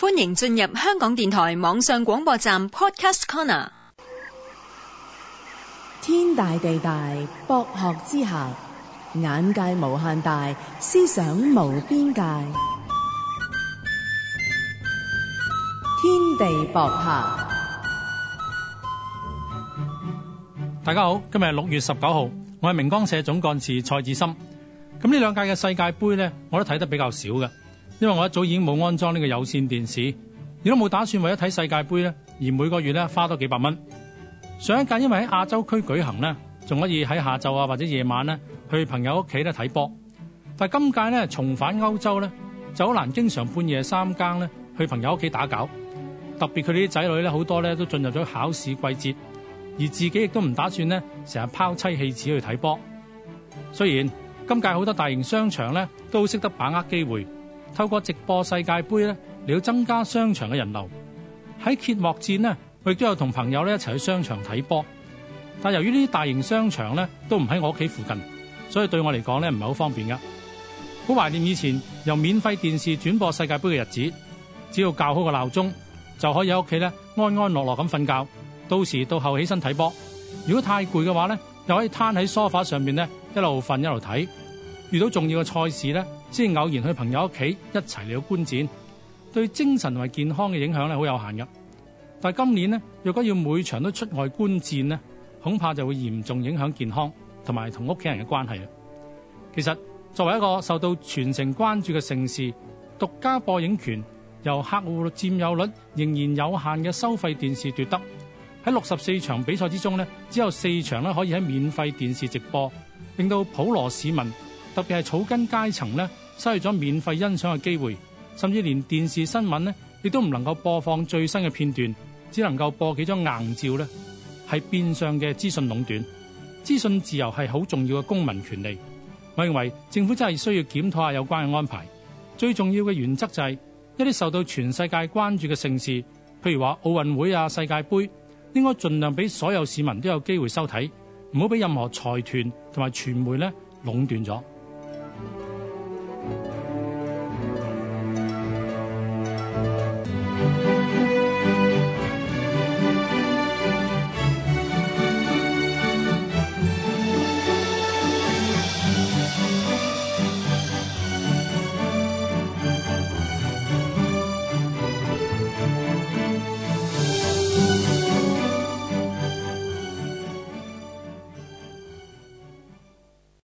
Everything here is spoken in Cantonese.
歡迎進入香港電台網上廣播站 Podcast Corner。天大地大，博學之下，眼界無限大，思想無邊界。天地博客。大家好，今日係六月十九號，我係明光社總幹事蔡志森。咁呢兩屆嘅世界盃呢，我都睇得比較少嘅。因為我一早已經冇安裝呢個有線電視，亦都冇打算為咗睇世界盃咧，而每個月咧花多幾百蚊。上一屆因為喺亞洲區舉行咧，仲可以喺下晝啊或者夜晚咧去朋友屋企咧睇波。但係今屆咧，重返歐洲咧就好難經常半夜三更咧去朋友屋企打攪。特別佢哋啲仔女咧，好多咧都進入咗考試季節，而自己亦都唔打算咧成日拋妻棄子去睇波。雖然今屆好多大型商場咧都識得把握機會。透過直播世界盃咧，嚟到增加商場嘅人流。喺揭幕戰呢，我亦都有同朋友咧一齊去商場睇波。但由於呢啲大型商場咧都唔喺我屋企附近，所以對我嚟講咧唔係好方便噶。好懷念以前由免費電視轉播世界盃嘅日子。只要較好個鬧鐘，就可以喺屋企咧安安樂樂咁瞓覺，到時到后起身睇波。如果太攰嘅話咧，又可以攤喺梳化上面咧，一路瞓一路睇。遇到重要嘅賽事呢，先偶然去朋友屋企一齊嚟觀展，對精神同埋健康嘅影響咧好有限嘅。但係今年呢，若果要每場都出外觀戰呢，恐怕就會嚴重影響健康同埋同屋企人嘅關係啦。其實作為一個受到全城關注嘅盛事，獨家播映權由客戶佔有率仍然有限嘅收費電視奪得。喺六十四場比賽之中呢，只有四場呢可以喺免費電視直播，令到普羅市民，特別係草根階層呢，失去咗免費欣賞嘅機會，甚至連電視新聞呢亦都唔能夠播放最新嘅片段，只能夠播幾張硬照呢，係變相嘅資訊壟斷。資訊自由係好重要嘅公民權利，我認為政府真係需要檢討下有關嘅安排。最重要嘅原則就係一啲受到全世界關注嘅盛事，譬如話奧運會啊、世界盃，應該盡量俾所有市民都有機會收睇，唔好俾任何財團同埋傳媒呢壟斷咗。